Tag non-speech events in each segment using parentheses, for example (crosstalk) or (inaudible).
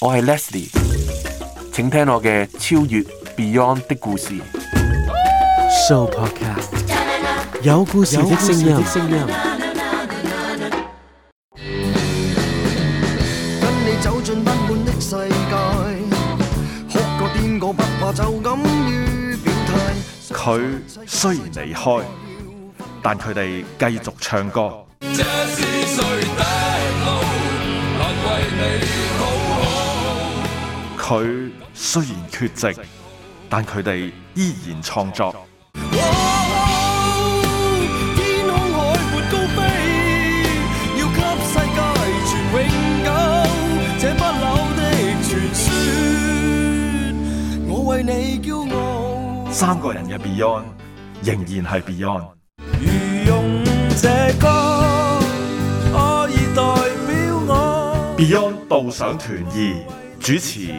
我係 Leslie，請聽我嘅超越 Beyond 的故事。So podcast 有故事的聲音。跟你走進不滿的世界，哭過癲過不怕就敢於表態。佢雖然離開，但佢哋繼續唱歌。佢雖然缺席，但佢哋依然創作。哦、天空海闊高飛，要給世界傳永久。這不朽的傳說，我為你驕傲。三個人嘅 Beyond 仍然係 Beyond。啊、Beyond 道上團二主持。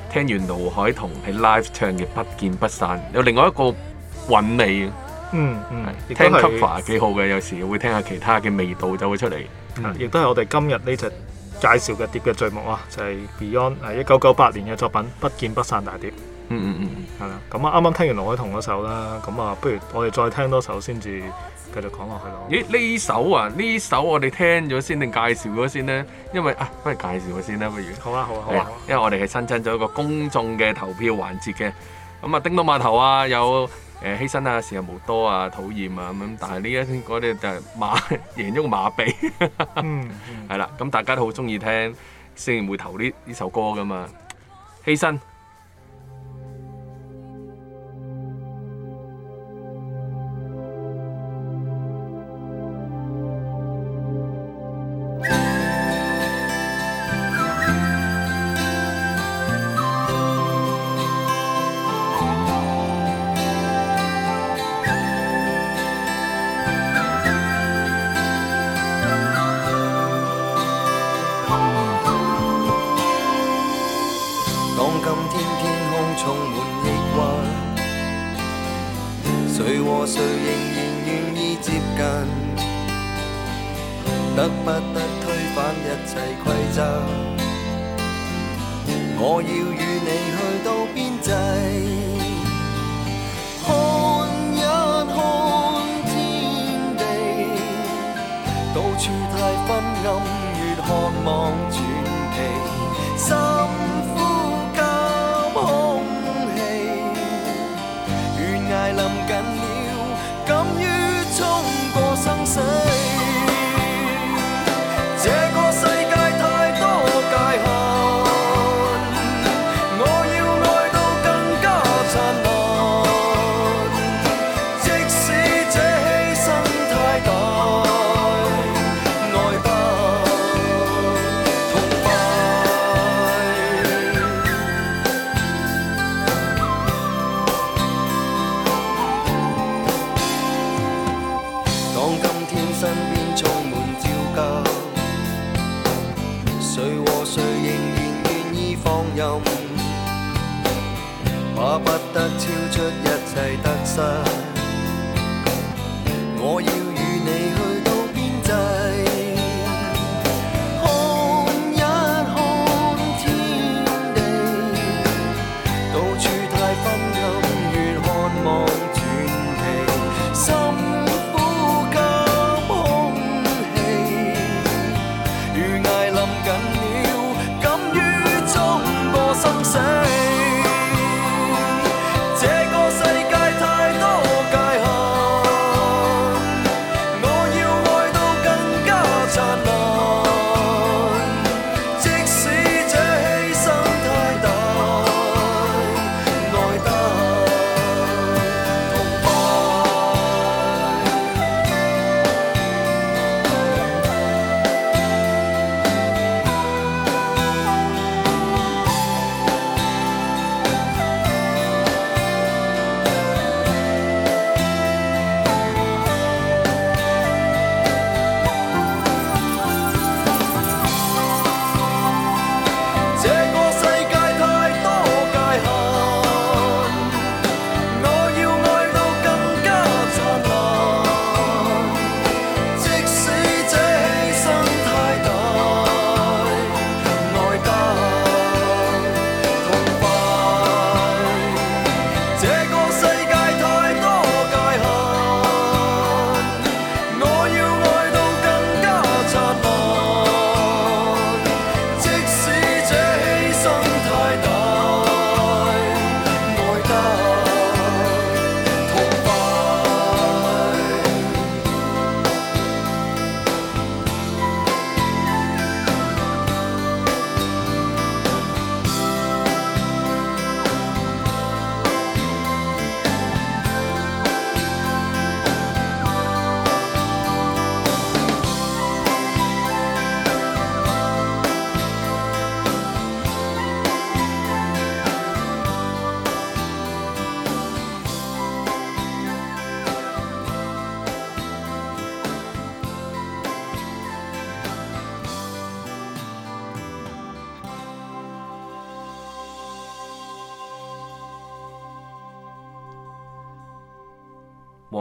聽完盧凱彤喺 live 唱嘅《不見不散》，有另外一個韻味嘅、嗯，嗯嗯，是聽，是聽 cover 幾好嘅，有時會聽下其他嘅味道就會出嚟。亦都係我哋今日呢隻介紹嘅碟嘅序幕啊，就係、是、Beyond 啊一九九八年嘅作品《不見不散》大碟。嗯嗯嗯，係、嗯、啦。咁、嗯、啊，啱啱聽完盧凱彤嗰首啦，咁啊，不如我哋再聽多首先至。繼續講落去咯。咦？呢首啊，呢首我哋聽咗先定介紹咗先咧？因為啊，不如介紹咗先啦，不如。好啊，好啊，好啊。因為我哋係新增咗個公眾嘅投票環節嘅。咁啊，叮到碼頭啊，有誒、呃、犧牲啊，時日無多啊，討厭啊咁樣。但係呢一嗰啲、那個、就馬贏咗個馬鼻。 (laughs) 嗯。係、嗯、啦，咁 (laughs) 大家都好中意聽，先至會投呢呢首歌噶嘛。犧牲。巴不得超出一切得失，我要與你去到邊際。 (music)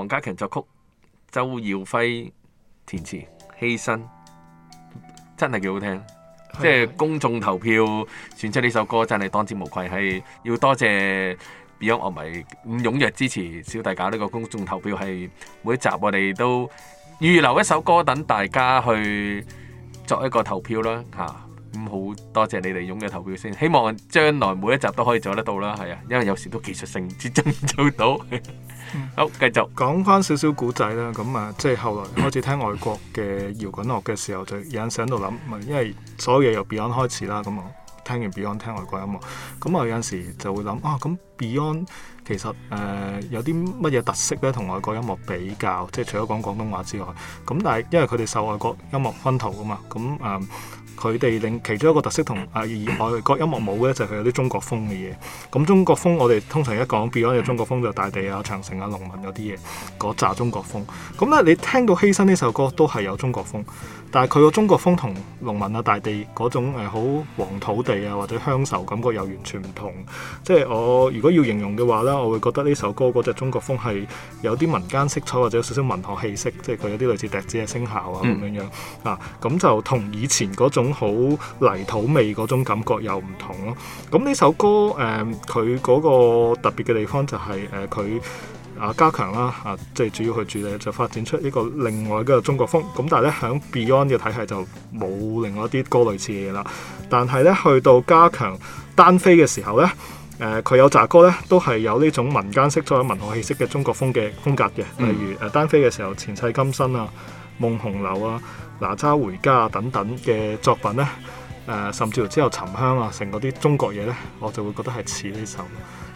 黃家強作曲，周耀輝填詞，犧牲真係幾好聽。的即係公眾投票選出呢首歌，真係當之無愧。係要多謝 Beyond，樂迷咁踴躍支持小弟搞呢、這個公眾投票。係每一集我哋都預留一首歌等大家去作一個投票啦，吓。咁好多謝你哋用嘅投票先，希望將來每一集都可以做得到啦。係啊，因為有時都技術性始終唔做到。 (laughs) 好，繼續講翻少少古仔啦。咁啊，即係後來開始聽外國嘅搖滾樂嘅時候，就有陣時喺度諗，唔係因為所有嘢由 Beyond 開始啦。咁啊，我聽完 Beyond 聽外國音樂，咁啊有陣時就會諗啊，咁 Beyond 其實誒、呃、有啲乜嘢特色咧？同外國音樂比較，即係除咗講廣東話之外，咁但係因為佢哋受外國音樂薰陶㗎嘛，咁啊。嗯佢哋另其中一個特色同啊，以外國音樂冇嘅就係、是、佢有啲中國風嘅嘢。咁中國風我哋通常一講 Beyond 嘅中國風就是、大地啊、長城啊、農民嗰啲嘢，嗰紮中國風。咁咧，你聽到犧牲呢首歌都係有中國風。但係佢個中國風同農民啊、大地嗰種、呃、好黃土地啊或者鄉愁感覺又完全唔同，即係我如果要形容嘅話咧，我會覺得呢首歌嗰隻中國風係有啲民間色彩或者有少少文學氣息，即係佢有啲類似笛子嘅聲效啊咁樣樣、嗯、啊，咁就同以前嗰種好泥土味嗰種感覺又唔同咯。咁呢首歌誒，佢、呃、嗰個特別嘅地方就係誒佢。呃啊，加強啦！啊，即係主要去主理就發展出呢個另外嘅中國風。咁但係咧，響 Beyond 嘅體系就冇另外一啲歌類似嘅嘢啦。但係咧，去到加強單飛嘅時候咧，誒、呃、佢有紮歌咧，都係有呢種民間色彩、文學氣息嘅中國風嘅風格嘅。例如誒單飛嘅時候，前世今生啊、夢紅樓啊、哪吒回家啊等等嘅作品咧，誒、呃、甚至乎之後沉香啊成嗰啲中國嘢咧，我就會覺得係似呢首。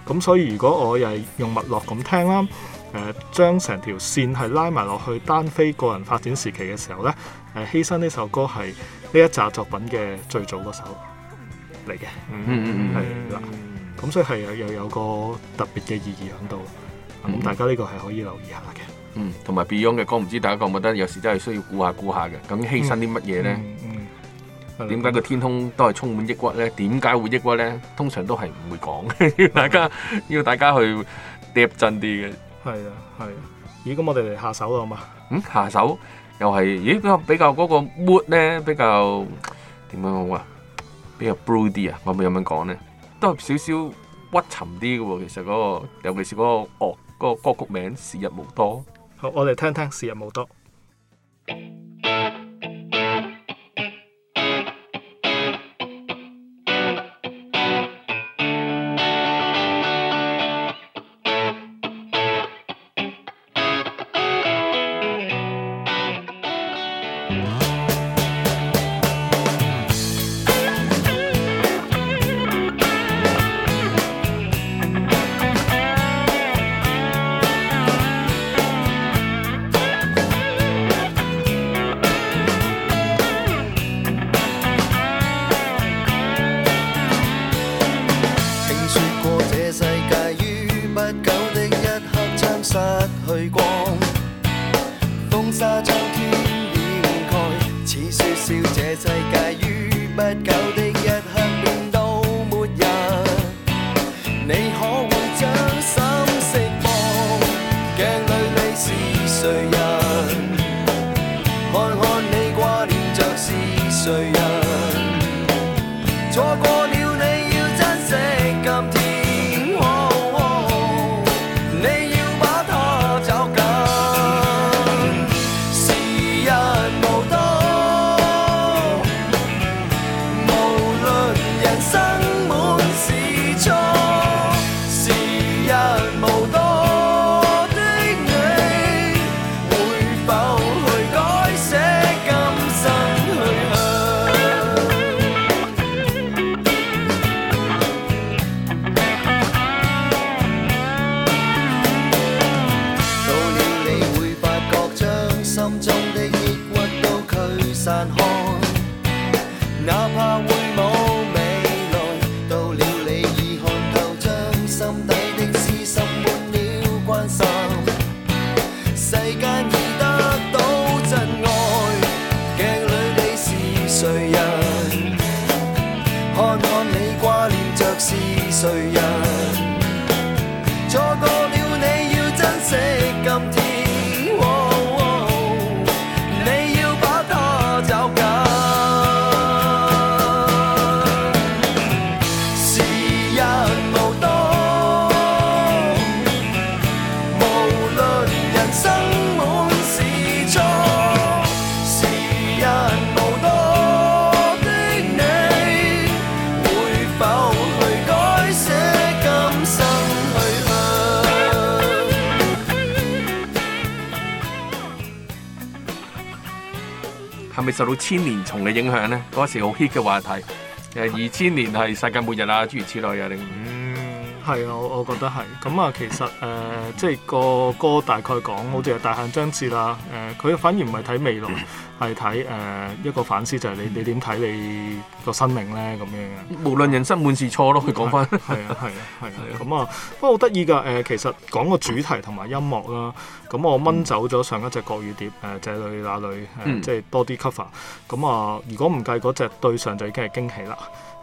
咁所以如果我又用脈絡咁聽啦，誒、呃、將成條線係拉埋落去單飛個人發展時期嘅時候咧，誒、呃、犧牲呢首歌係呢一集作品嘅最早嗰首嚟嘅，嗯嗯嗯的，係啦、嗯，咁所以係又又有，有，有個特別嘅意義喺度，咁、啊、大家呢個係可以留意下嘅，嗯，同埋 Beyond 嘅歌，唔知大家覺唔覺得有時真係需要估下估下嘅，咁犧牲啲乜嘢咧？嗯嗯嗯嗯嗯點解個天空都係充滿抑鬱咧？點解會抑鬱咧？通常都係唔會講， (laughs) 要大家 (laughs) 要大家去揼真啲嘅。係啊，係。咦？咁我哋嚟下手啦，好嘛？嗯，下手又係咦？比較比較嗰個 mood 咧，比較點樣好啊？比較 brood 啲啊？可唔可以咁樣講咧？都係少少鬱沉啲嘅喎。其實嗰、嗰個尤其是嗰個樂嗰、嗰個歌曲名《時日無多》。好，我哋聽聽《時日無多》。未受到千年蟲嘅影響咧，嗰時好 hit 嘅話題，誒二千年係世界末日啊，諸如此類啊，你、嗯。係啊，我我覺得係。咁、嗯、啊，其實誒、呃，即係個歌大概講，好似係大限將至啦。誒、呃，佢反而唔係睇未來，係睇誒一個反思就，就係你你點睇你個生命咧咁樣。無論人生滿是錯咯，佢講返係啊係啊係啊。咁啊，不過好得意㗎。誒、 (laughs) 嗯，其實講個主題同埋音樂啦。咁我掹走咗上一隻國語碟誒，這女那女」嗯嗯嗯，即係多啲 cover。咁啊，如果唔計嗰隻對上，就已經係驚喜啦。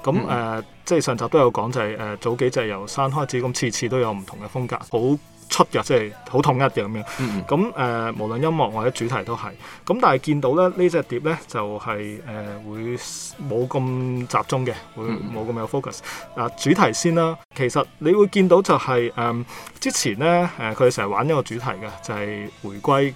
咁誒，即係上集都有講，就是，就係誒早幾隻由三開始，咁次次都有唔同嘅風格，好出嘅，即係好統一嘅咁樣。咁誒、mm hmm. 呃，無論音樂或者主題都係咁，但係見到咧呢隻、這個、碟咧就係、是、誒、呃、會冇咁集中嘅，會冇咁有 focus、mm。啊、hmm. 呃，主題先啦，其實你會見到就係、是、誒、呃、之前咧誒佢哋成日玩一個主題嘅，就係、是、回歸。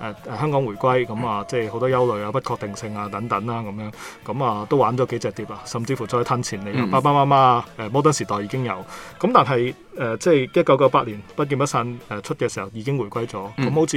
誒、呃、香港回歸咁啊，即係好多憂慮啊、不確定性啊等等啦、啊，咁樣咁啊，都玩咗幾隻碟啊，甚至乎再去吞潛力、啊，嗯嗯爸爸媽媽啊，誒摩登時代已經有，咁但係。誒、呃、即係一九九八年不見不散誒、呃、出嘅時候已經回歸咗，咁、嗯、好似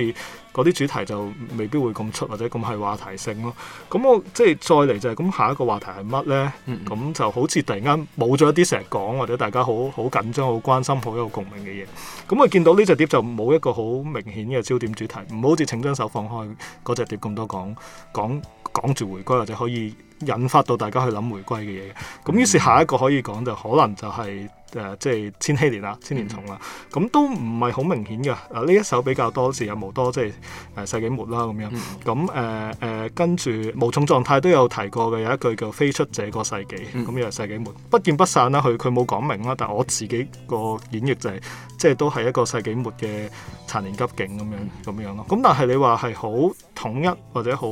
嗰啲主題就未必會咁出或者咁係話題性咯。咁我即係再嚟就係、是、咁，下一個話題係乜呢？咁、嗯、就好似突然間冇咗一啲成日講或者大家好好緊張、好關心、好有共鳴嘅嘢。咁我見到呢隻碟就冇一個好明顯嘅焦點主題，唔好似《請將手放開》嗰隻碟咁多講講講住回歸或者可以引發到大家去諗回歸嘅嘢。咁、嗯、於是下一個可以講就可能就係、是。誒、呃、即係千禧年啦，千年蟲啦，咁、嗯、都唔係好明顯嘅。啊，呢一首比較多是，有冇多即係，誒，世紀末啦咁樣。咁誒誒跟住無重狀態都有提過嘅，有一句叫飛出這個世紀，咁又係世紀末，不見不散啦。佢佢冇講明啦，但係我自己個演繹就係、是、即係都係一個世紀末嘅殘年急景咁樣咁、嗯、樣咯。咁但係你話係好統一或者好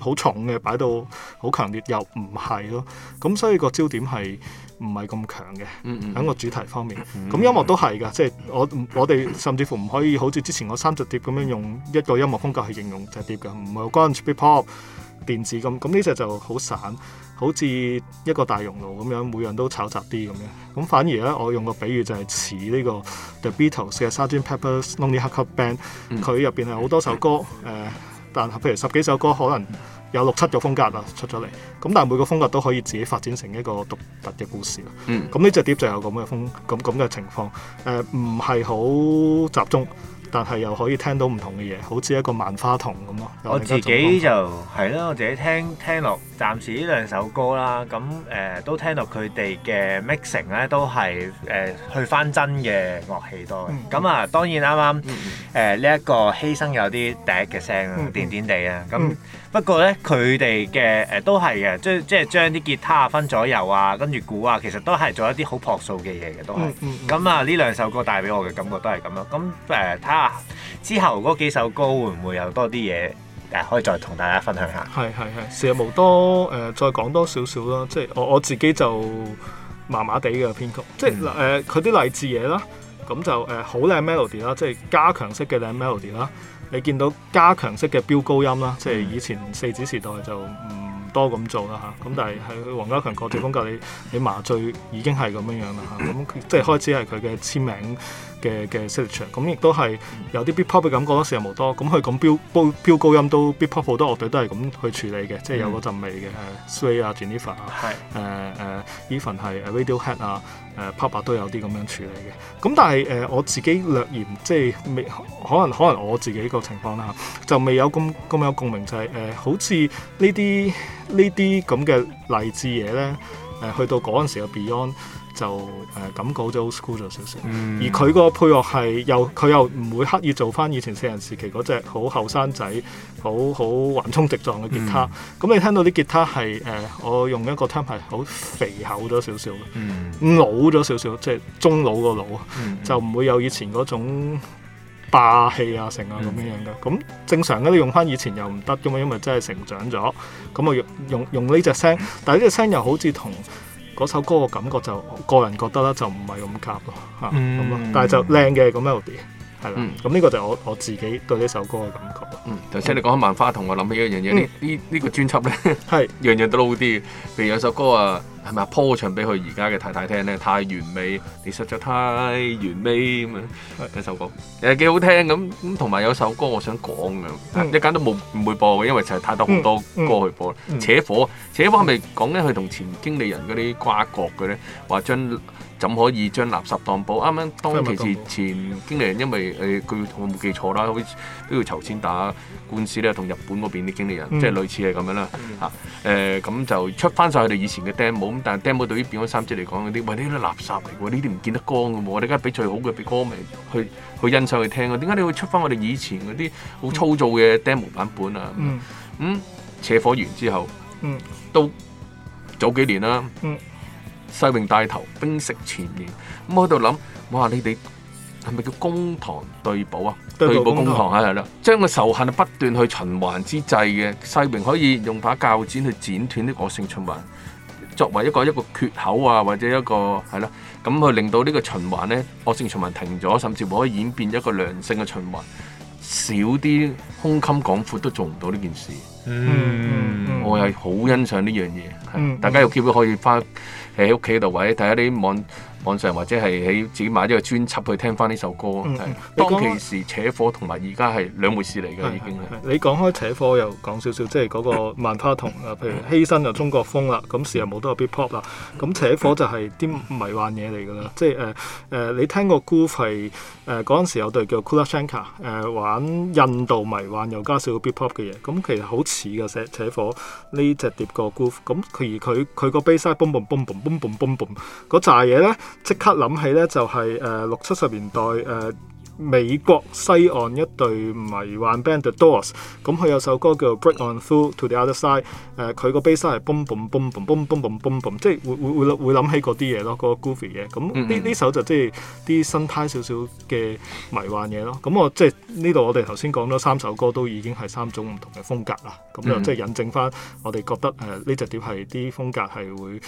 好重嘅擺到好強烈又唔係咯。咁所以個焦點係。唔係咁強嘅。喺、mm hmm. 個主題方面，咁、mm hmm. 音樂都係噶，即、就、係、是、我我哋甚至乎唔可以好似之前嗰三隻碟咁樣用一個音樂風格去形容隻碟嘅，唔係關 trip hop 電子咁，咁呢隻就好散，好似一個大熔爐咁樣，每樣都炒雜啲咁樣。咁反而咧，我用個比喻就係似呢個 The Beatles 嘅 Sgt Pepper Lonely Hearts Band，佢入邊係好多首歌，誒、呃，但譬如十幾首歌可能、mm。Hmm. 有六七個風格啦出咗嚟，咁但係每個風格都可以自己發展成一個獨特嘅故事啦。咁呢隻碟就有咁嘅風，咁咁嘅情況，誒唔係好集中，但係又可以聽到唔同嘅嘢，好似一個萬花筒咁咯。我自己就係啦，我自己聽聽落，暫時呢兩首歌啦，咁誒都聽到佢哋嘅 mixing 咧都係誒去返真嘅樂器多嘅。咁啊，當然啱啱誒呢一個犧牲有啲笛嘅聲啦，點點地啊咁。不過咧，佢哋嘅誒都係嘅，即即係將啲吉他分左右啊，跟住鼓啊，其實都係做一啲好樸素嘅嘢嘅，都係。咁啊、嗯，呢、嗯、兩、嗯、首歌帶俾我嘅感覺都係咁咯。咁誒，睇、呃、下之後嗰幾首歌會唔會有多啲嘢誒，可以再同大家分享下。係係係，事日冇多誒、呃，再講多少少啦。即係我我自己就麻麻地嘅編曲，即係誒佢啲勵志嘢啦，咁、呃、就誒好靚 melody 啦，呃、mel ody, 即係加強式嘅靚 melody 啦。你見到加強式嘅飆高音啦，即係以前四子時代就唔多咁做啦嚇，咁但係喺黃家強個作風格你，你你麻醉已經係咁樣樣啦嚇，咁即係開始係佢嘅簽名嘅嘅 signature，咁亦都係有啲 Britpop 嘅感覺，少有冇多，咁佢咁飆高音都 Britpop 好多樂隊都係咁去處理嘅，即係有嗰陣味嘅，誒、呃、Suede 啊，誒誒，Even 係 Radiohead 啊。的誒，Pop 吧都有啲咁樣處理嘅，咁但係誒、呃，我自己略嫌即係未可能可能我自己個情況啦就未有咁咁有共鳴，就係、是、誒、呃，好似呢啲呢啲咁嘅勵志嘢咧，誒、呃，去到嗰陣時嘅 Beyond。就誒、呃、感覺就 school 咗少少，嗯、而佢個配樂係又佢又唔會刻意做翻以前四人時期嗰隻好後生仔好好橫衝直撞嘅吉他，咁、嗯嗯、你聽到啲吉他係誒、呃、我用一個 temp 係好肥厚咗少少老咗少少即係中老個老，嗯、就唔會有以前嗰種霸氣啊成啊咁樣、嗯、樣嘅，咁正常嘅你用翻以前又唔得噶嘛，因為真係成長咗，咁我用用用呢隻聲，但呢隻聲又好似同。嗰首歌嘅感覺就個人覺得啦，就唔係咁夾咯嚇，咁咯，但係就靚嘅咁樣啲。這個 melody 係啦，咁呢、嗯、個就我我自己對呢首歌嘅感覺。嗯，頭先你講《萬花筒》，嗯，我諗起一樣嘢，呢呢呢個專輯咧，係、嗯、 (laughs) 樣樣都 low 啲。譬如有首歌啊，係咪阿坡唱俾佢而家嘅太太聽咧？太完美，你實在太完美咁樣。是 首歌其實幾好聽咁。同埋有，有首歌我想講嘅、嗯，一間都冇唔會播嘅，因為就係太多好多歌去播。嗯嗯、扯火，扯火係咪講咧，佢同前經理人嗰啲瓜葛嘅咧，話將。怎可以將垃圾當寶？啱、啊、啱當其時前經理人，因為誒佢、呃、我冇記錯啦，好似都要籌錢打官司咧，同日本嗰邊啲經理人、嗯、即係類似係咁樣啦嚇。誒咁、嗯啊呃嗯、就出翻晒佢哋以前嘅 demo，咁但係 demo 對於變咗三姐嚟講嗰啲，喂呢啲垃圾嚟喎，呢啲唔見得光嘅喎，我哋梗係俾最好嘅歌名去去欣賞佢聽啊？點解你要出翻我哋以前嗰啲好粗糙嘅 demo 版本啊？咁、嗯嗯、扯火完之後，嗯，都早幾年啦。嗯世榮帶頭冰釋前嫌，咁我喺度諗，哇！你哋係咪叫公堂對簿啊？對簿公堂啊，係啦堂，將個仇恨不斷去循環之際嘅世榮可以用把鉸剪去剪斷啲惡性循環，作為一個一個缺口啊，或者一個係啦，咁去令到呢個循環咧惡性循環停咗，甚至可以演變一個良性嘅循環。少啲胸襟廣闊都做唔到呢件，嗯嗯、件事。嗯，我係好欣賞呢樣嘢，大家有機會可以返。你喺屋企度或者睇下啲網。網上或者係喺自己買咗個專輯去聽翻呢首歌，當其時扯火同埋而家係兩回事嚟嘅，已經係。你講開扯火又講少少，即係嗰個萬花筒啦，譬如犧牲就中國風啦，咁時又冇多個 Britpop 啦，咁扯火就係啲迷幻嘢嚟㗎啦，即係誒誒，你聽過 groove 係誒嗰時有隊叫 Kula Shaker 誒玩印度迷幻又加少少 Britpop 嘅嘢，咁其實好似嘅，扯火呢隻碟個 groove 咁而佢佢個 bass line boom boom boom boom boom boom boom 嗰扎嘢咧。即刻諗起咧，就是，就係誒六七十年代誒。呃美國西岸一隊迷幻 band Doors，咁佢有首歌叫 Break On Through To The Other Side，誒佢個 bass 係 boom boom boom boom boom boom boom boom，即係會會會會諗起嗰啲嘢咯，嗰個 goofy 嘅。咁呢呢首就即係啲新派少少嘅迷幻嘢咯。咁我即係呢度我哋頭先講咗三首歌，都已經係三種唔同嘅風格啦。咁就即係引證翻我哋覺得誒呢隻碟係啲風格係會誒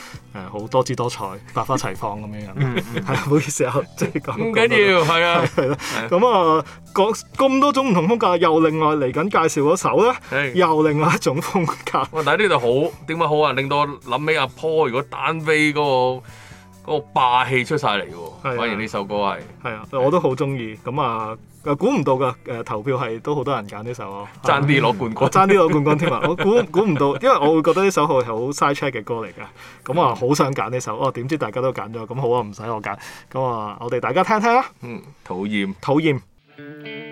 好多姿多彩、百花齊放咁樣樣。係啊，唔好意思啊，即係咁。唔緊要，係啊，係咯。咁啊，講咁、嗯、多種唔同風格，又另外嚟緊介紹嗰首咧，的又另外一種風格。 (laughs) 但係呢度好點解好啊？令到我諗起阿 Paul，如果單飛嗰、那個嗰、那個霸氣出晒嚟喎。的反而呢首歌係係啊，我都好中意。咁的、嗯、啊～估唔到㗎！誒、呃、投票係都好多人揀呢首，爭啲攞冠軍，嗯，爭啲攞冠軍添 (laughs) 啊！我估估唔到，因為我會覺得呢首好係好 side check 嘅歌嚟㗎，咁啊好想揀呢首，哦、啊、點知大家都揀咗，咁好啊，唔使我揀，咁啊我哋大家聽聽啊！嗯，討厭，討厭。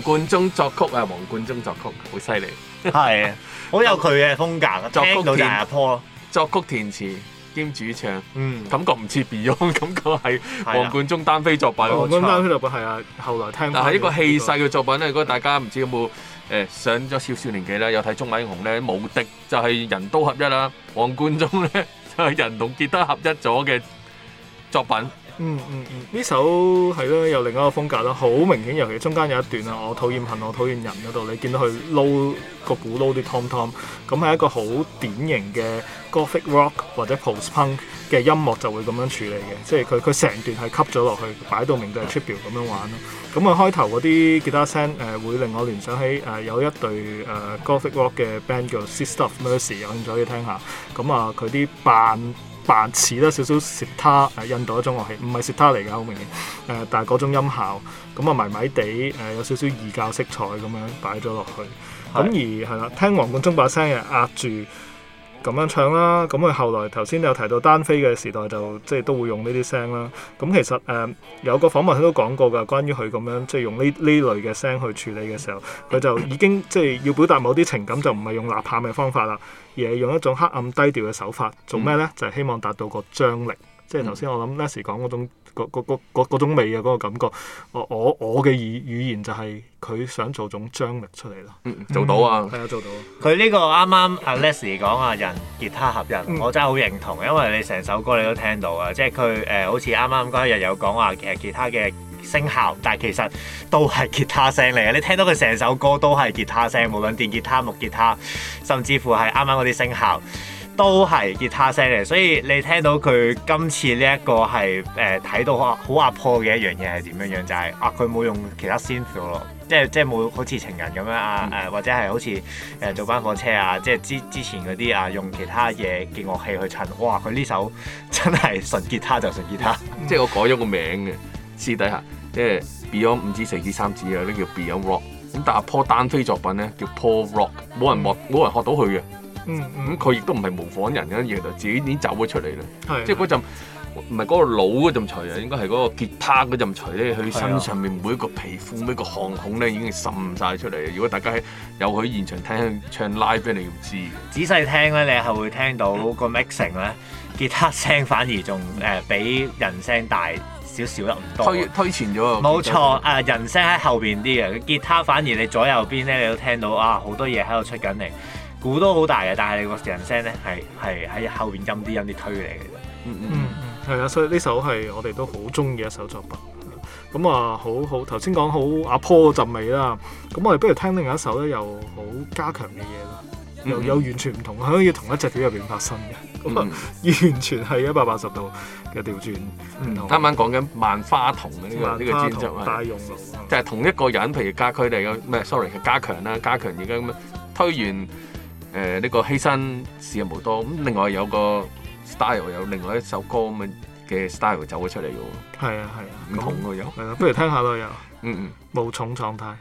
冠中作曲啊，黃冠中作曲好犀利，係啊，好有佢嘅風格。作曲填下坡作曲填詞兼主唱，嗯，感覺唔似 Beyond，感覺係黃冠中單飛作品，黃冠中單飛作品係啊，後來聽、這個。但係呢個氣勢嘅作品咧，如果大家唔知有冇誒、呃、上咗少少年紀咧，有睇《中華英雄》咧，無敵就係、是、人都合一啦。黃冠中咧就係、是、人同傑德合一咗嘅作品。嗯嗯嗯，呢、嗯、首係咧有另一個風格啦，好明顯，尤其中間有一段啊，我討厭恨我討厭人嗰度，你見到佢撈個鼓撈啲 Tom Tom，咁係一個好典型嘅 Gothic Rock 或者 Post Punk 嘅音樂就會咁樣處理嘅，即係佢佢成段係吸咗落去擺到明就係 tribute 咁樣玩咯。咁啊開頭嗰啲吉他聲誒、呃、會令我聯想起誒、呃、有一隊誒、呃、Gothic Rock 嘅 band 叫 Sisters of Mercy，有興趣可以聽下。咁啊佢啲扮。扮似啦，少少舌他誒，印度一種樂器，唔係舌他嚟㗎，好明顯。誒、呃，但係嗰種音效，咁啊迷迷地，誒、呃、有少少異教色彩咁樣擺咗落去。咁的而係啦，聽黃貫中把聲又壓住。咁樣唱啦，咁佢後來頭先有提到單飛嘅時代就即係都會用呢啲聲啦。咁其實誒、呃、有個訪問佢都講過㗎，關於佢咁樣即係用呢呢類嘅聲去處理嘅時候，佢就已經即係要表達某啲情感就唔係用吶喊嘅方法啦，而係用一種黑暗低調嘅手法做咩咧？嗯、就係希望達到個張力。即係頭先我諗 Leslie 講嗰嗰嗰種味嘅嗰個感覺，我我我嘅語語言就係佢想做種張力出嚟咯、嗯，做到啊，係啊、嗯、做到。佢呢個啱啱 Leslie 講話人吉他合人，嗯、我真係好認同，因為你成首歌你都聽到啊，即係佢誒好似啱啱嗰日有講話其實其他嘅聲效，但係其實都係吉他聲嚟嘅，你聽到佢成首歌都係吉他聲，無論電吉他、木吉他，甚至乎係啱啱嗰啲聲效。都係吉他聲嚟，所以你聽到佢今次呢、呃、一個係誒睇到好好阿坡嘅一樣嘢係點樣樣？就係、是、啊，佢冇用其他 synth 咯，即係即係冇好似情人咁樣啊誒，或者係好似誒、呃、做班火車啊，即係之之前嗰啲啊用其他嘢嘅樂器去襯，哇！佢呢首真係純吉他就純吉他，嗯、即係我改咗個名嘅私底下，即係 Beyond 五指、四指、三指啊，都叫 Beyond Rock，咁但阿坡單飛作品咧叫 Paul Rock，冇人學冇、嗯、人，人學到佢嘅。嗯，佢亦都唔係模仿人嘅，原來自己已經走咗出嚟啦。是的 即係嗰陣唔係嗰個腦嗰陣錘啊，應該係嗰個吉他嗰陣錘咧，佢身上面每一個皮膚、是的 每一個汗孔咧，已經滲晒出嚟。如果大家喺有去現場聽唱 live，你要知嘅。仔細聽咧，你係會聽到個 mixing 咧，嗯、吉他聲反而仲誒比人聲大少少得唔多。推推前咗，冇錯啊！聲人聲喺後邊啲嘅，吉他反而你左右邊咧，你都聽到啊，好多嘢喺度出緊嚟。鼓都好大嘅，但係你個人聲咧係係喺後邊陰啲陰啲推嚟嘅啫。嗯嗯嗯，係、hmm. 啊、mm hmm.，所以呢首係我哋都好中意一首作品。咁啊，好好頭先講好阿坡嗰陣味啦。咁我哋不如聽另一首咧，又好家強嘅嘢咯，又有完全唔同，可以同一隻碟入邊發生嘅。咁啊、mm，hmm. 完全係一百八十度嘅調轉。啱啱講緊《萬花筒》嘅、這、呢個呢個專輯啊，大勇啊，就係同一個人，譬如家駒嚟嘅咩？Sorry，家強啦，家強而家咁啊，推完。Mm hmm. 誒呢、呃呢個犧牲事無多，咁另外有個 style 有另外一首歌咁嘅 style 走咗出嚟嘅喎。係啊係啊，唔、啊、同嘅、啊、那有。係啊，不如聽下咯又。 (laughs) 嗯嗯，無重狀態。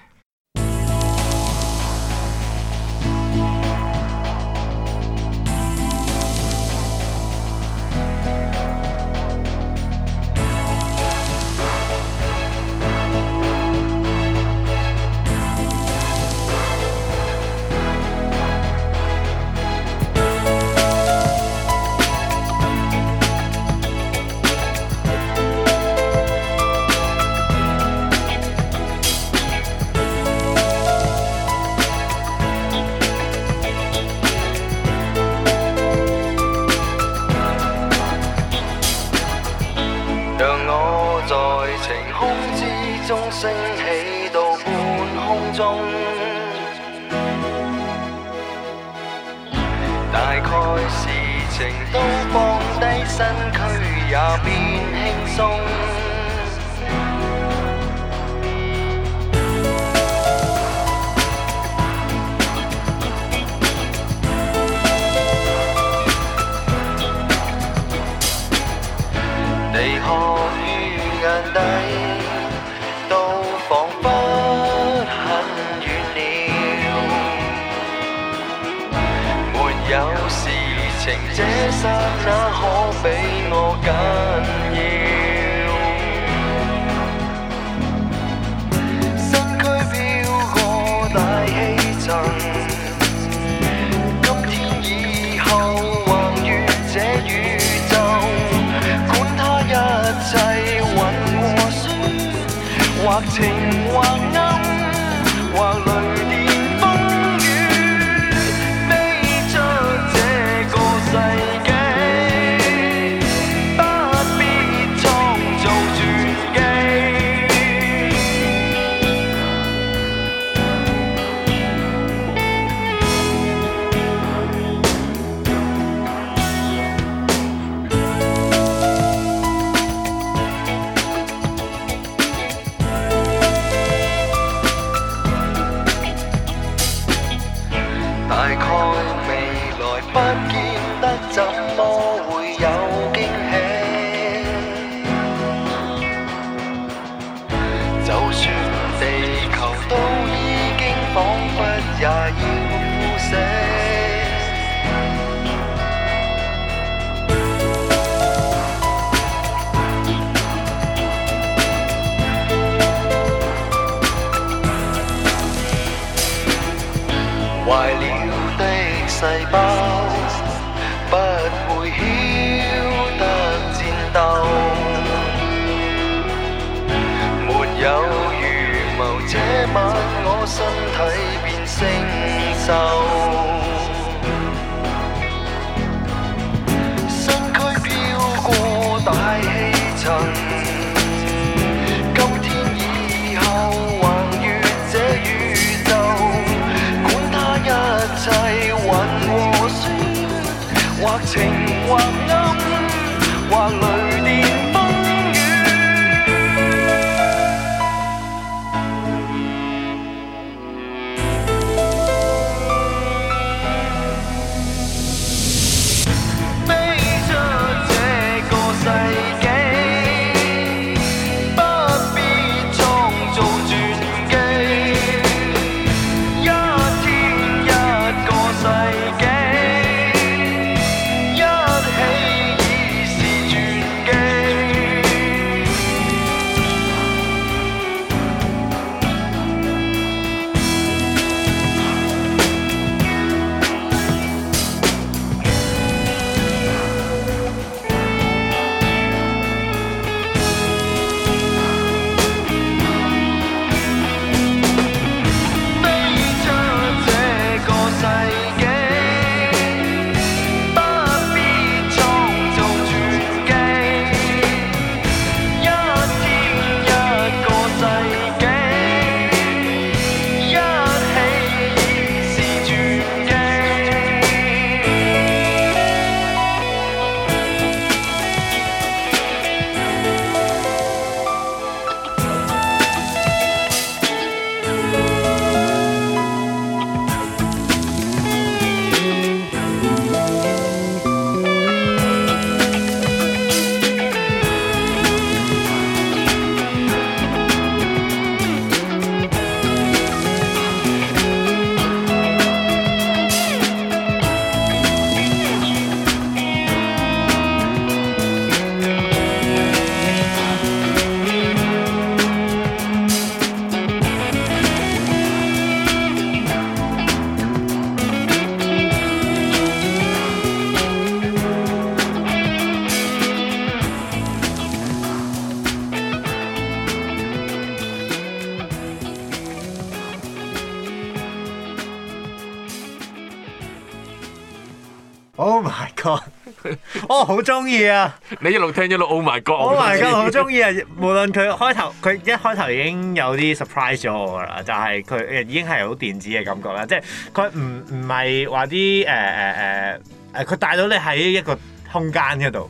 好中意啊！ (laughs) 你一路聽一路 Oh My God，好中意啊！無論佢開頭，佢一開頭已經有啲 surprise 咗我噶啦，就係佢已經係好電子嘅感覺啦，即係佢唔唔係話啲誒誒誒誒，佢、呃呃、帶到你喺一個空間嗰度，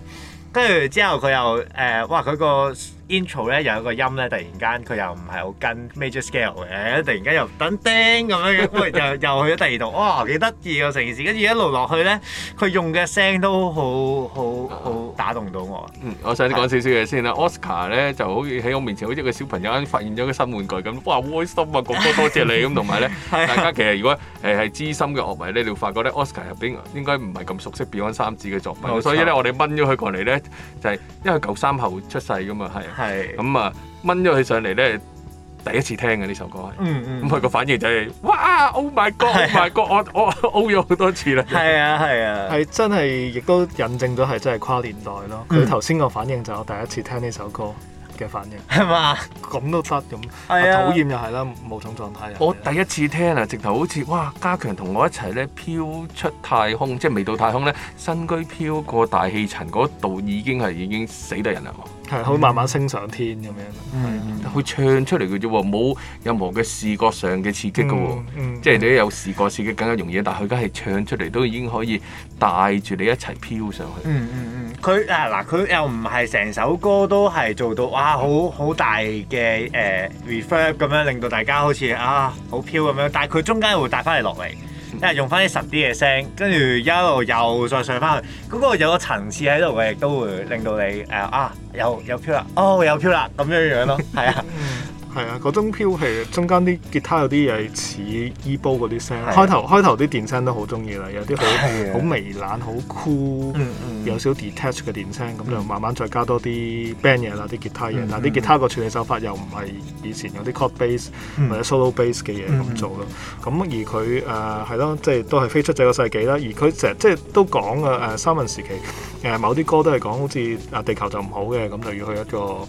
跟住之後佢又誒、呃，哇佢個～intro 咧有一個音咧，突然間佢又唔係好跟 major scale 嘅，突然間又噔叮咁樣，喂又 (laughs) 又去咗第二度，哇幾得意個成件事，跟住一路落去咧，佢用嘅聲都好好好打動到我。啊嗯、我想講少少嘢先啦是，Oscar 咧就好似喺我面前好似個小朋友發現咗個新玩具咁，哇開心啊，咁多多謝你咁，同埋咧大家其實如果誒係資深嘅樂迷咧，你會發覺咧 Oscar 入邊應該唔係咁熟悉 Beyond 三子嘅作品，錯所以咧我哋掹咗佢過嚟咧就係、是、因為九三後出世㗎嘛，咁啊，掹咗佢上嚟咧，第一次聽嘅呢首歌，咁佢個反應就係、是，哇！Oh my God，Oh my God，我我哦咗好多次啦。係啊，係 (laughs) 啊，係、啊、真係，亦都印證咗係真係跨年代咯。佢頭先個反應就係我第一次聽呢首歌嘅反應，係嘛吧？咁都得咁，討厭又係啦，冇種狀態。我第一次聽啊，直頭好似哇，加強同我一齊咧飄出太空，即係未到太空咧，身居飄過大氣層嗰度，已經係已經死得人啦。係，佢慢慢升上天咁樣。嗯、mm，佢、hmm. 唱出嚟嘅啫，冇任何嘅視覺上嘅刺激嘅喎。Mm hmm. 即係你有視覺刺激更加容易，但係佢梗係唱出嚟都已經可以帶住你一齊飄上去。嗯嗯嗯，佢、hmm. 啊嗱，佢又唔係成首歌都係做到哇，好好大嘅誒、呃、reverb 咁樣，令到大家好似啊好飄咁樣。但係佢中間又會帶翻嚟落嚟。一係用翻啲實啲嘅聲，跟住一路又再上翻去，嗰、那個有個層次喺度嘅，亦都會令到你誒、呃、啊，有有飄啦，哦有飄啦咁樣樣咯，係 (laughs) 啊。係啊，嗰種飄係中間啲吉他有啲又似 E 波嗰啲聲、啊開，開頭開頭啲電聲都好中意啦，有啲好好微冷、好酷、cool，嗯嗯，有少 d e t a c h 嘅電聲，咁就慢慢再加多啲 band 嘢啦，啲吉他嘢，嗱啲、嗯嗯嗯、吉他個處理手法又唔係以前有啲 c o d e b a s e、嗯、或者 solo b a s e 嘅嘢咁做咯，咁、嗯嗯嗯、而佢誒係咯，即係都係飛出這個世紀啦，而佢成日即係都講啊誒、啊、三文時期誒、啊、某啲歌都係講好似啊地球就唔好嘅，咁就要去一個。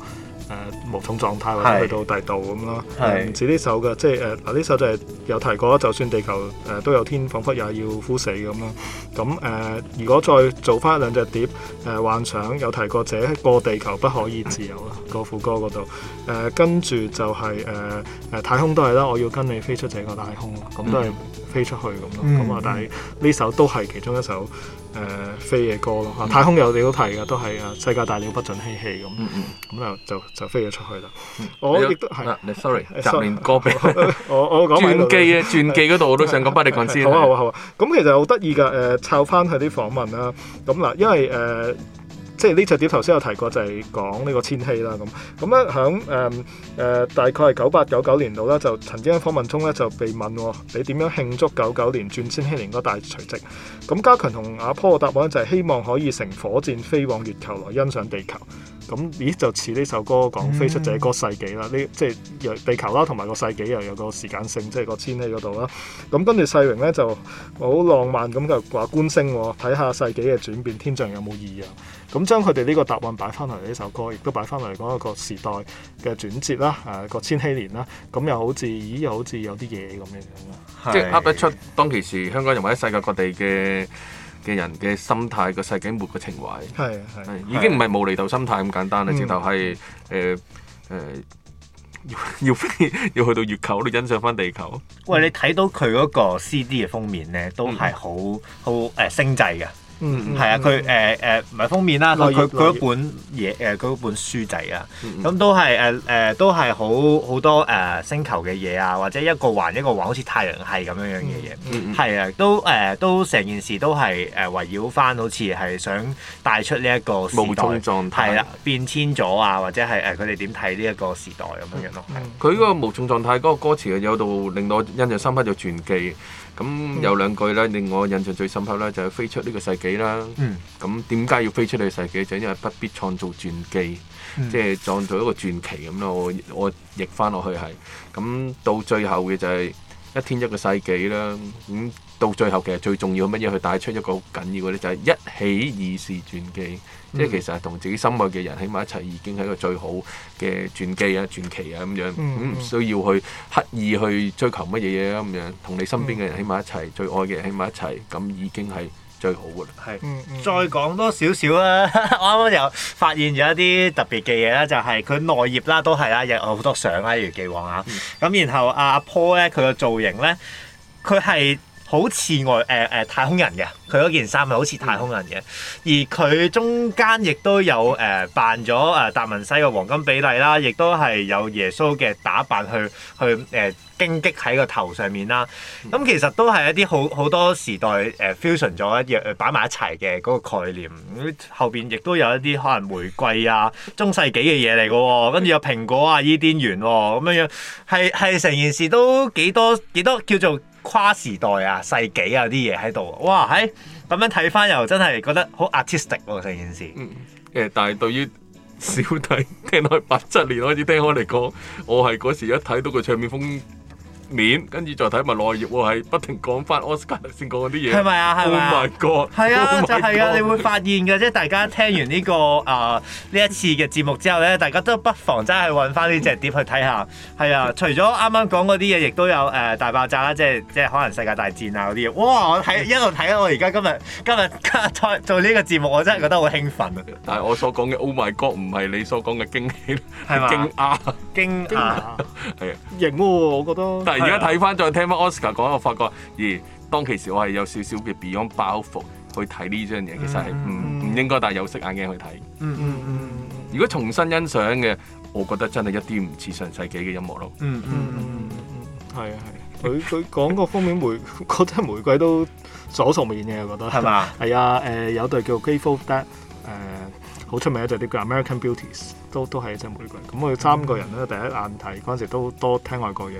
誒、呃、無重狀態或者去到地度咁咯，唔似呢首嘅，即係誒嗱呢首就係有提過，就算地球誒、呃、都有天，彷彿也要枯死咁咯。咁誒、呃，如果再做翻兩隻碟，誒、呃、幻想有提過，這個地球不可以自由啦，個 (coughs) 副歌嗰度。誒跟住就係誒誒太空都係啦，我要跟你飛出這個太空咁都係。嗯飛出去咁咯，咁啊！但係呢首都係其中一首誒、呃、飛嘅歌咯。太空有你都提嘅，都係啊！世界大了不准嬉戲咁，咁啊、嗯嗯、就就飛咗出去啦、嗯啊。我亦都係，Sorry，雜亂歌俾我我講完記嘅，傳記嗰、啊、度、啊啊、我都想講，不你講先好啊？好啊好啊，咁、啊啊、其實好得意嘅誒，抄翻佢啲訪問啦。咁、啊、嗱、啊，因為誒。啊即係呢隻碟頭先有提過，就係、是、講呢個千禧啦咁。咁咧響誒誒，大概係九八九九年度啦。就曾經訪問中咧就被問、哦、你點樣慶祝九九年轉千禧年嗰大除夕？咁家強同阿坡嘅答案就係、是、希望可以乘火箭飛往月球來欣賞地球。咁咦就似呢首歌講飛出這個、就是、世紀啦，呢、嗯、即係地球啦，同埋個世紀又有個時間性，即係個千禧嗰度啦。咁跟住世榮咧就好浪漫咁就話觀星，睇下世紀嘅轉變，天象有冇異樣。咁將佢哋呢個答案擺翻落嚟呢首歌，亦都擺翻落嚟講一個時代嘅轉折啦，啊個千禧年啦。咁又好似咦又好似有啲嘢咁樣樣嘅，是即係噏得出當其時香港人或者世界各地嘅。嘅人嘅心態，個世紀末嘅情懷，係係係已經唔係無厘頭心態咁簡單啦，嗯、直頭係誒誒要要 (laughs) 要去到月球你欣賞翻地球。喂，你睇到佢嗰個 CD 嘅封面咧，都係好好誒星際嘅。嗯，嗯，係啊，佢誒誒唔係封面啦，佢佢嗰本嘢誒，佢嗰月本書仔啊，咁、嗯嗯、都係誒誒，都係好好多誒、呃、星球嘅嘢啊，或者一個環一個環，好似太陽系咁樣樣嘅嘢，係啊、嗯嗯，都誒、呃、都成件事都係誒圍繞翻，好似係想帶出呢一個無重狀態，係啦，變遷咗啊，或者係誒佢哋點睇呢一個時代咁樣樣咯。佢呢個無重狀態嗰個歌詞嘅有度令我印象深刻就傳記。咁、嗯、有兩句咧，令我印象最深刻咧，就係飛出呢個世紀啦。咁點解要飛出呢個世紀？就因為不必創造傳記，嗯、即係創造,造一個傳奇咁咯。我我譯翻落去係咁、嗯、到最後嘅就係一天一個世紀啦。咁、嗯。到最後其實最重要乜嘢？佢帶出一個好緊要嗰啲，就係、是、一起已是傳記，嗯、即係其實同自己心愛嘅人喺埋一齊，已經係個最好嘅傳記啊、傳奇啊咁樣，咁唔、嗯、需要去刻意去追求乜嘢嘢啦咁樣。同你身邊嘅人喺埋一齊，嗯、最愛嘅人喺埋一齊，咁已經係最好嘅啦。係，嗯嗯、再講多少少啦。我啱啱又發現咗一啲特別嘅嘢啦，就係、是、佢內頁啦都係啦，有好多相啦，一如既往啊。咁、嗯、然後阿、啊、Paul 咧，佢個造型咧，佢係。好似外誒誒太空人嘅，佢嗰件衫係好似太空人嘅，嗯、而佢中間亦都有誒、呃、扮咗誒、呃、達文西嘅黃金比例啦，亦都係有耶穌嘅打扮去去誒荊棘喺個頭上面啦。咁、嗯嗯、其實都係一啲好好多時代誒、呃、fusion 咗、呃、一樣嘢擺埋一齊嘅嗰個概念。後邊亦都有一啲可能玫瑰啊、中世紀嘅嘢嚟㗎喎，跟住有蘋果啊、伊甸園咁樣樣，係係成件事都幾多幾多叫做。跨時代啊、世紀啊啲嘢喺度，哇！係、欸、咁樣睇返又真係覺得好 artistic 成、啊、件事。誒、嗯，但係對於小弟聽開八七年開始聽開嚟講，我係嗰時一睇到個唱片封面跟住再睇埋內頁喎，係不停講翻奧斯卡先講嗰啲嘢，係咪啊？係咪啊？Oh my God！係啊，oh、my 就係啊，你會發現嘅，即係大家聽完呢、呢個啊呢、呃、一次嘅節目之後咧，大家都不妨真係揾翻呢隻碟去睇下。係啊，除咗啱啱講嗰啲嘢，亦都有誒、呃、大爆炸啦，即係即係可能世界大戰啊嗰啲嘢。哇！我睇一路睇緊，我而家今日今日再做呢個節目，我真係覺得好興奮啊！但係我所講嘅 Oh my God 唔係你所講嘅驚喜，係吧驚啊，驚啊，係啊型喎、 (laughs) 啊啊，我覺得。而家睇翻，再聽翻 Oscar 講，我發覺、欸，咦，當其時我係有少少嘅 Beyond 包袱去睇呢張嘢、嗯，其實係唔唔應該，戴有色眼鏡去睇、嗯。嗯嗯嗯如果重新欣賞嘅，我覺得真係一啲唔似上世紀嘅音樂咯、嗯。嗯嗯嗯係啊係。佢佢講個封面玫，覺得 (laughs) 玫瑰 (laughs) (laughs) 都所熟面嘅。我覺得係嘛係啊。誒吧 (laughs) 有對叫做 g that,、呃《Grateful Dead》好出名一隻叫《American Beauties》，都都係一隻玫瑰。咁佢三個人咧第一眼睇嗰陣時都，聽都聽多時都聽外國嘢。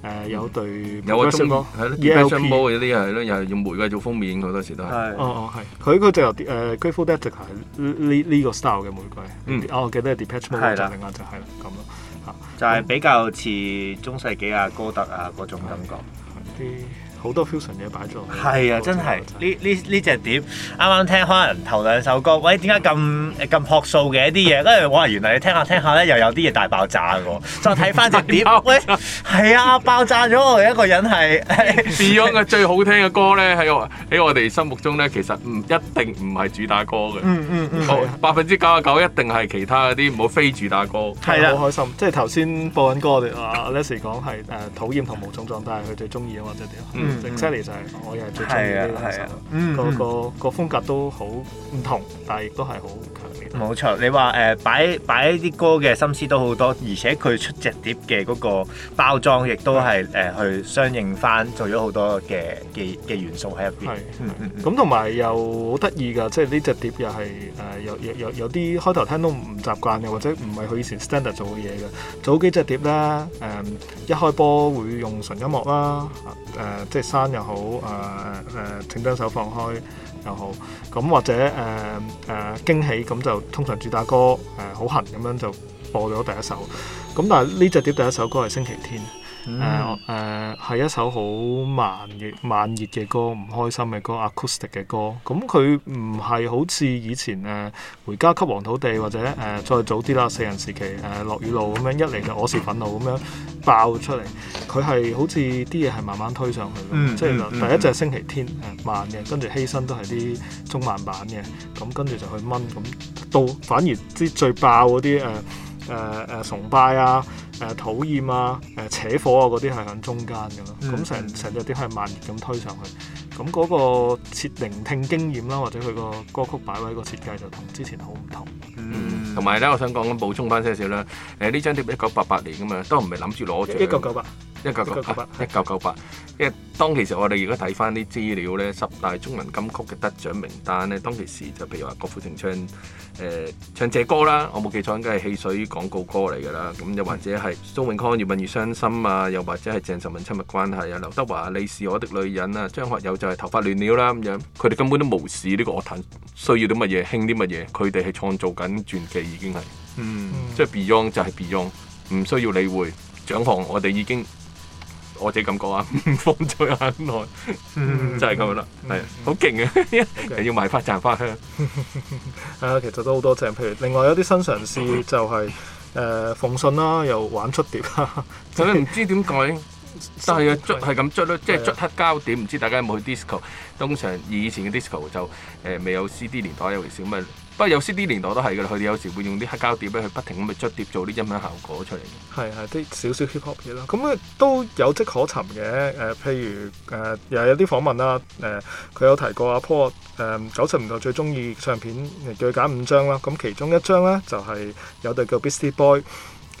誒、呃、有對、嗯、有個春波，係咧，啲春波嗰啲係咧，又係 EL LP 用玫瑰做封面，好多時都係。哦的哦，係、okay,，佢、呃、佢就誒，grateful decorator 係、這、呢、個、呢、這個 style 嘅玫瑰。嗯，我、哦、記得係 d e p a c t u r e 就另外就係啦咁咯嚇，就係、是就是、比較似中世紀啊、哥特啊嗰種感覺。好多 fusion 嘢擺咗落，係啊，真係呢呢呢隻碟啱啱聽，可能頭兩首歌，喂，點解咁咁樸素嘅一啲嘢？跟住我話原來你聽下聽下咧，又有啲嘢大爆炸嘅喎。再睇翻隻碟，喂，係啊，爆炸咗我哋一個人係 Beyond 嘅最好聽嘅歌咧，喺我喺我哋心目中咧，其實唔一定唔係主打歌嘅，嗯嗯嗯，百分之九啊九一定係其他嗰啲唔好非主打歌，係啊，好開心。即係頭先播緊歌，我哋阿 Leslie 講係討厭同無重狀態，但佢最中意嘅或者點。S mm hmm. 最 s 我又係最中意呢個歌個個個個風格都好唔同，但係亦都係好強烈。冇錯，嗯，你話誒擺擺啲歌嘅心思都好多，而且佢出隻碟嘅個包裝亦都係誒去相應翻，做咗好多嘅嘅嘅元素喺入邊。咁同埋又好得意噶，即係呢隻碟又係誒有有有啲開頭聽都唔習慣嘅，或者唔係佢以前 standard 做嘅嘢嘅。早幾隻碟啦，誒，呃呃，一開波會用純音樂啦，誒，呃呃呃呃、即山又好，誒、呃、誒、呃，請將手放開又好，咁或者誒誒驚喜咁就通常主打歌，誒好行咁樣就播咗第一首，咁但係呢隻碟第一首歌係星期天。誒誒係一首好慢嘅慢熱嘅歌，唔開心嘅歌，acoustic 嘅歌。咁佢唔係好似以前誒回、呃、家給黃土地或者誒、呃、再早啲啦四人時期誒落、呃、雨路咁樣一嚟就我是憤怒咁樣爆出嚟。佢係好似啲嘢係慢慢推上去、嗯嗯嗯、即係第一隻星期天誒、呃、慢嘅，跟住犧牲都係啲中慢板嘅，咁跟住就去掹咁到反而啲最爆嗰啲誒誒誒崇拜啊！誒討厭啊，誒、啊啊、扯火啊，嗰啲係響中間㗎啦。咁成成隻啲係慢熱咁推上去，咁嗰個聆聽經驗啦、啊，或者佢個歌曲擺位個設計就同之前好唔同。嗯，同埋咧，我想講咁補充返少少啦，誒呢張碟一九八八年噶嘛，都唔係諗住攞獎。一九八八。一九九八一九九八，因為當其實我哋如果睇翻啲資料咧，十大中文金曲嘅得獎名單咧，當其時就譬如話郭富城唱誒、呃、唱隻歌啦，我冇記錯應該係汽水廣告歌嚟㗎啦，咁又或者係蘇永康越吻越傷心啊，又或者係鄭秀文親密關係啊，劉德華你是我的女人啊，張學友就係頭髮亂了啦咁樣，佢哋根本都無視呢個樂壇需要啲乜嘢，興啲乜嘢，佢哋係創造緊傳奇已經係、嗯，嗯，即係 Beyond 就係 Beyond，唔需要理會獎項，我哋已經。我自己咁講啊，唔 (laughs) 放在眼內，嗯、就係咁啦，係啊，好勁啊，又要賣花賺花香，係啊，其實都好多正，譬如另外有啲新嘗試就係誒奉信啦、啊，又玩出碟啦、啊，咁、就、唔、是、 (laughs) 知點講，但係啊，捉係咁捉咯，即係捉黑膠點，唔知大家有冇去 disco？通常以前嘅 disco 就誒未、呃、有 CD 年代有回事咁啊。不過有 CD 年代都係噶啦，佢哋有時會用啲黑膠碟咧，去不停咁去捽碟做啲音響效果出嚟嘅。係係啲少少 hip hop 嘢啦，咁都有跡、嗯、可尋嘅。誒、呃，譬如誒，又、呃、有啲訪問啦，誒、呃，佢有提過阿 Paul，誒九十年代最中意唱片，叫佢揀五張啦。咁、嗯、其中一張咧就係、是、有對叫 Beastie Boys，誒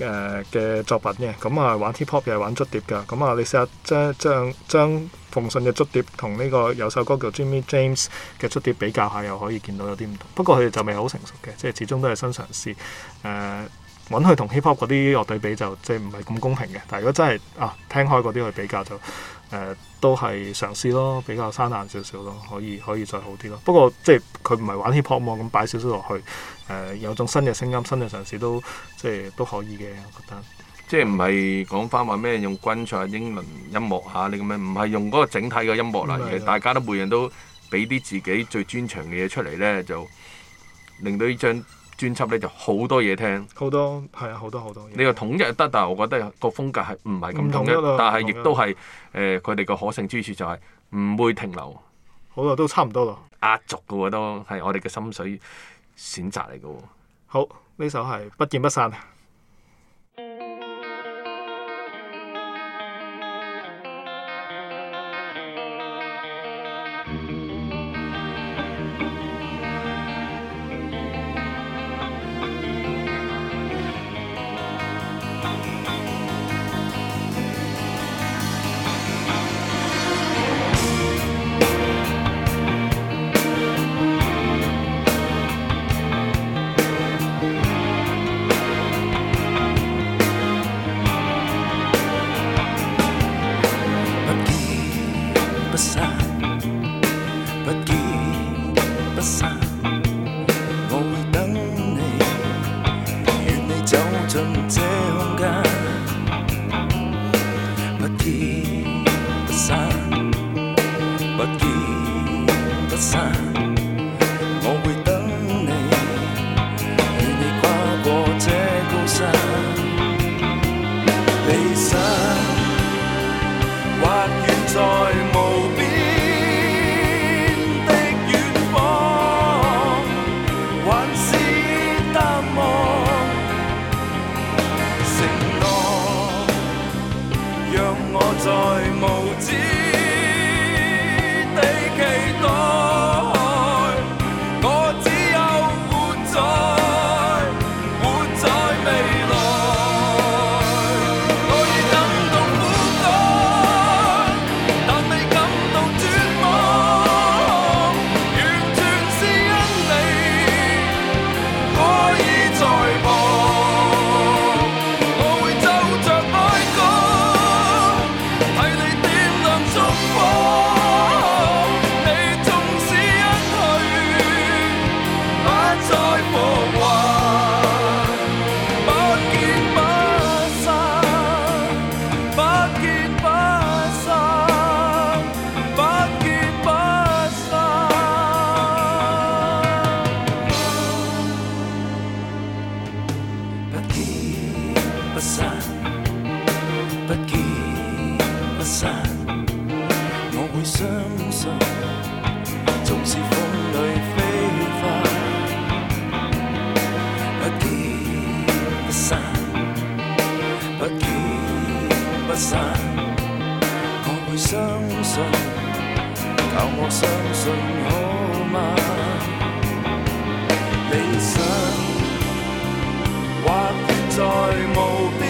嘅、呃、作品嘅，咁、嗯、啊玩 hip hop 又係玩捽碟噶，咁、嗯、啊、嗯、你試下即係將將，將馮順嘅捽碟同呢個有首歌叫 Jimmy James 嘅捽碟比較下，又可以見到有啲唔同。不過佢哋就未好成熟嘅，即係始終都係新嘗試。誒、呃、揾佢同 hip hop 嗰啲樂隊比就即係唔係咁公平嘅。但係如果真係啊聽開嗰啲去比較就。誒、呃、都係嘗試咯，比較生硬少少咯，可以可以再好啲咯。不過即係佢唔係玩 hip hop 咁擺少少落去，誒、呃、有種新嘅聲音，新嘅嘗試都即係都可以嘅，我覺得。即係唔係講翻話咩用軍唱英倫音樂吓，啊？你咁樣？唔係用嗰個整體嘅音樂嚟嘅，的大家都每人都俾啲自己最專長嘅嘢出嚟咧，就令到呢張。專輯咧就好多嘢聽，好多係啊，好多好多嘢。你話統一得，但係我覺得個風格係唔係咁統一，但係亦都係誒佢哋個可勝之處就係唔會停留。好啦，都差唔多啦。壓軸嘅喎都係我哋嘅心水選擇嚟嘅喎。好，呢首係不見不散。我會相信，教我相信好嗎？理想或在無邊。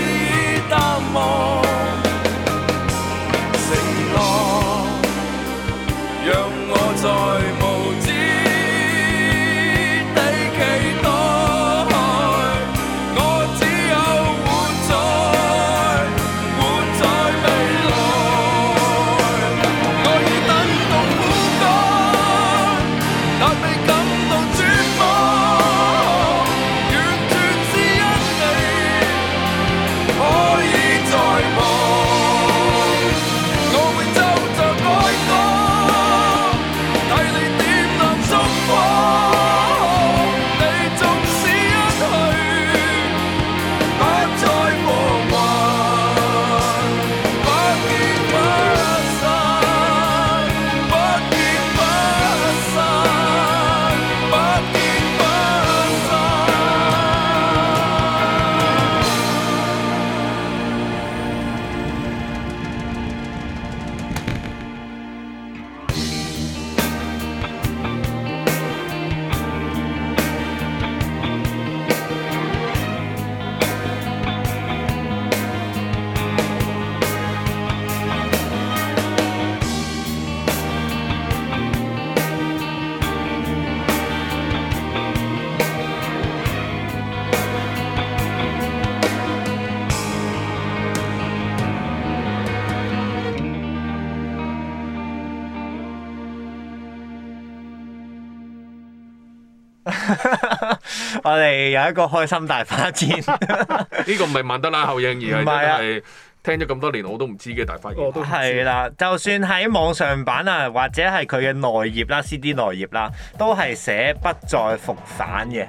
有一個開心大花展，呢 (laughs) (laughs) 個唔係曼德拉效應而係是、啊、聽咗咁多年我，我都唔知嘅大花箭。係啦，就算喺網上版啊，或者係佢嘅內頁啦、啊、CD 內頁啦、啊，都係寫不再復返嘅。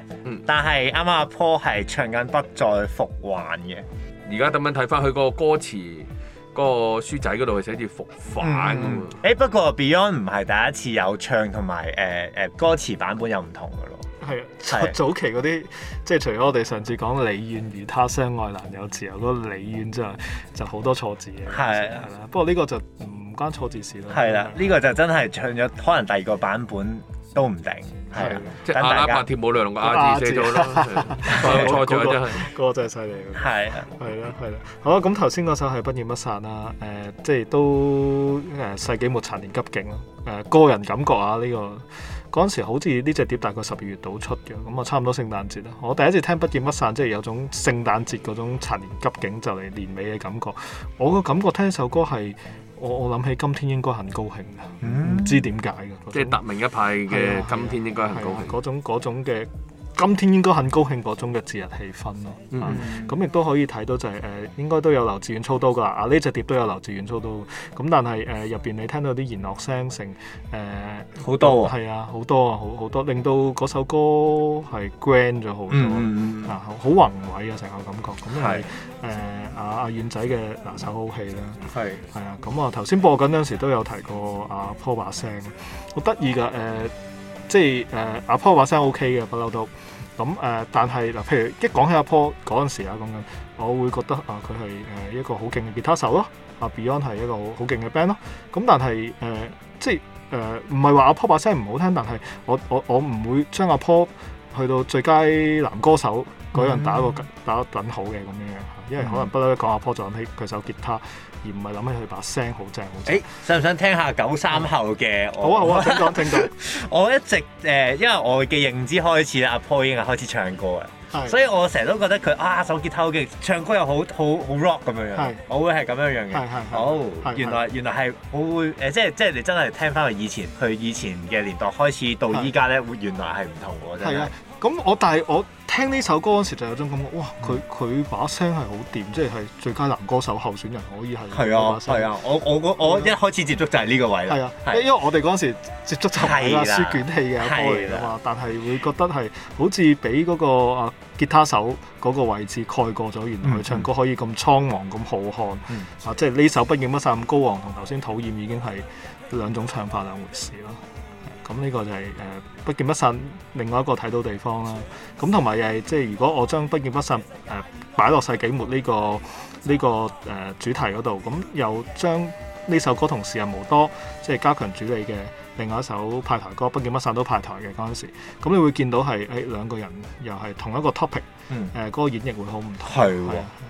但係啱啱阿 Paul 係唱緊不再復還嘅。而家等緊睇翻佢個歌詞嗰個書仔嗰度係寫住復返嘅。嗯欸、不過 Beyond 唔係第一次有唱同埋誒誒歌詞版本又唔同嘅咯。係啊，早期嗰啲即係除咗我哋上次講李遠與他相愛男友自由嗰個李遠之，就就好多錯字嘅，係啦的。不過呢個就唔關錯字事咯。係啦的，呢對個就真係唱咗可能第二個版本都唔定。係啊。即等大家。伯跳舞兩個阿之做咯，錯真係，歌真係犀利啊！係啦，係啦。好啊，咁頭先首係不見不散啦，誒，即係都誒，世紀末殘年急景咯，誒，個人感覺啊，呢、這個。嗰陣時好似呢隻碟大概十二月到出嘅，咁啊差唔多聖誕節啦。我第一次聽《不見不散》，即係有種聖誕節嗰種殘年急景就嚟年尾嘅感覺。我個感覺聽首歌係，我我諗起今天應該很高興唔、嗯、知點解嘅。即係達明一派嘅今天應該很高興，嗰、啊啊啊、種嗰種嘅。今天應該很高興嗰種嘅節日氣氛咯，咁亦都可以睇到就係、是、誒、呃，應該都有劉志遠操刀噶，啊呢隻碟都有劉志遠操刀，咁、啊、但係誒入邊你聽到啲弦樂聲成誒、啊哦嗯啊啊、好多，係啊好多啊好好多，令到嗰首歌係 grand 咗好多，啊、嗯嗯嗯、好宏偉啊成個感覺，咁係誒阿阿遠仔嘅拿手好戲啦，係係是啊，咁啊頭先播緊嗰陣時都有提過阿 po 把聲，好得意噶誒。啊啊即係誒阿坡把聲 O K 嘅不嬲都咁誒，但係嗱，譬如一講起阿坡嗰陣時啊，咁樣，我會覺得啊，佢係誒一個好勁嘅吉他手咯。阿、啊、Beyond 係一個好勁嘅 band 咯、啊。咁但係誒、呃、即係誒唔係話阿坡把聲唔好聽，但係我我我唔會將阿坡去到最佳男歌手嗰樣打個、嗯、打個等號嘅咁樣。因為可能不嬲講阿 Paul，就諗起佢首吉他，而唔係諗起佢把聲好正好正。誒、欸，想唔想聽下九三後嘅？好啊、嗯、我好啊，聽到我聽到。 (laughs) 我一直誒、呃，因為我嘅認知開始阿、啊、Paul 已經係開始唱歌嘅，的所以我成日都覺得佢啊首吉他好勁，唱歌又好好好，好 rock 咁的樣樣好。我會係咁樣樣嘅。好，原來原來係我會誒，即係即係你真係聽翻佢以前佢以前嘅年代開始到依家咧，會的原來係唔同喎真係。咁我但係我聽呢首歌嗰時就有種感覺，哇！佢佢把聲係好掂，即係係最佳男歌手候選人可以係。係啊，係啊，我我、啊、我一開始接觸就係呢個位啦。係啊，啊，因為我哋嗰時接觸就係阿書卷氣嘅歌嚟噶嘛，啊啊啊、但係會覺得係好似俾嗰個啊吉他手嗰個位置蓋過咗，原來佢唱歌可以咁蒼茫咁好看。嗯嗯、啊，即係呢首畢竟乜晒咁高昂，同頭先討厭已經係兩種唱法兩回事咯。咁呢個就係誒不見不散，另外一個睇到地方啦。咁同埋誒，即係如果我將不見不散誒擺落世紀末呢個呢個誒主題嗰度，咁又將呢首歌同時日無多，即係加強主理嘅。另外一首派台歌，畢竟乜散都派台嘅嗰陣時，咁你會見到係誒、哎、兩個人又係同一個 topic，誒嗰個演繹會好唔同，係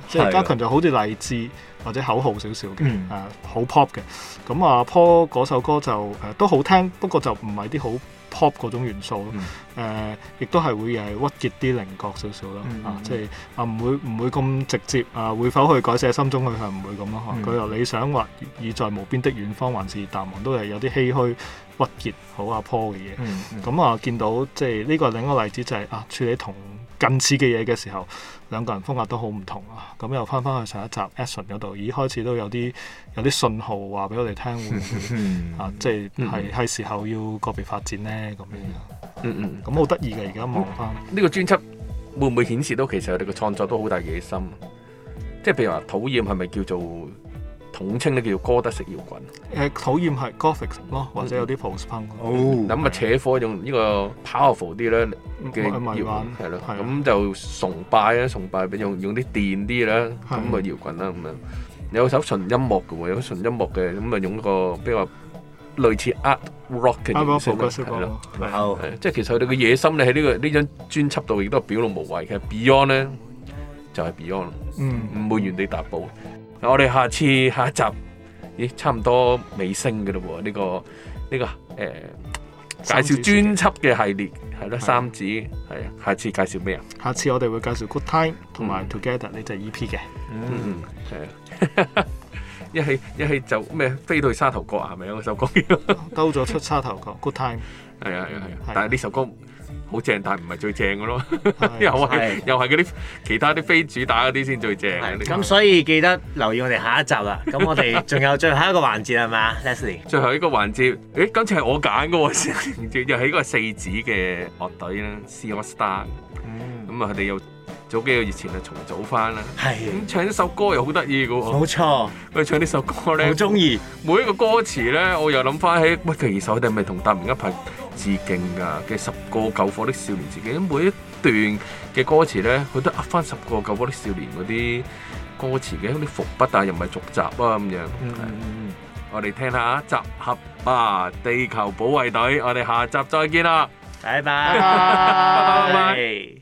即係加強就好似勵志或者口號少少嘅，誒、嗯啊、好 pop 嘅，咁阿坡嗰首歌就誒、呃、都好聽，不過就唔係啲好。Pop 嗰種元素咯，誒、嗯呃，亦都係會係鬱結啲靈覺少少咯，啊，即係啊，唔會唔會咁直接啊，會否去改寫心中佢係唔會咁咯，佢又、嗯啊、理想或已在無邊的遠方，還是淡忘，都係有啲唏噓鬱結好阿 Paul 嘅嘢，咁、嗯嗯、啊，見到即係呢個另一個例子就係、是、啊，處理同。近似嘅嘢嘅時候，兩個人風格都好唔同啊！咁又翻翻去上一集 Action 嗰度，咦 (laughs) 開始都有啲有啲信號話俾我哋聽會唔會， (laughs) 啊，即係係係時候要個別發展呢？咁樣、 (laughs) 嗯。嗯、啊、嗯，咁好得意嘅，而家望翻呢個專輯會唔會顯示到其實我哋個創作都好大野心？即係譬如話討厭係咪叫做？統稱咧叫做哥德式搖滾。誒，討厭係 gothic 咯，或者有啲 post-punk。哦。咁啊，扯火用呢個 powerful 啲咧嘅搖，係咯。係迷幻。咁就崇拜啊，崇拜用用啲電啲啦，咁啊搖滾啦咁樣。有首純音樂嘅喎，有純音樂嘅咁啊，用個比較類似 art rock 嘅嘢先。即係其實佢哋嘅野心咧喺呢個呢張專輯度亦都係表露無遺嘅。Beyond 咧就係 Beyond。唔會原地踏步。我哋下次下一集，咦，差唔多尾聲嘅咯喎，呢個、呢個誒、呃、介紹專輯嘅系列，係咯，三子，係啊的，下次介紹咩啊？下次我哋會介紹 Good Time 同埋 Together 呢、嗯，隻 EP 嘅。嗯，係啊、嗯。 (laughs) 一齊一齊就咩飛到去沙， (laughs) 沙頭角，係咪有嗰首歌，叫《兜咗出沙頭角，Good Time。係啊係啊係啊，但係呢首歌。好正，但係唔係最正嘅咯，又係又係嗰啲其他啲非主打嗰啲先最正。咁是看所以記得留意我哋下一集啦。咁我哋仲有最後一個環節係嘛，Leslie？最後一個環節，誒，今次係我揀嘅喎， (laughs) 又係一個四子嘅樂隊啦，C AllStar。咁啊，佢哋、嗯、又早幾個月前啊重組翻啦。係的。咁唱呢首歌又好得意嘅喎。冇錯。佢唱呢首歌咧，好中意每一個歌詞咧，我又諗翻起喂，其實佢哋係咪同達明一派？致敬噶嘅十個救火的少年，自己每一段嘅歌詞咧，佢都呃翻十個救火的少年嗰啲歌詞嘅，啲伏筆啊，又唔係續集啊咁樣。我哋聽下集合啊，地球保衞隊，我哋下集再見啦，拜拜。拜拜。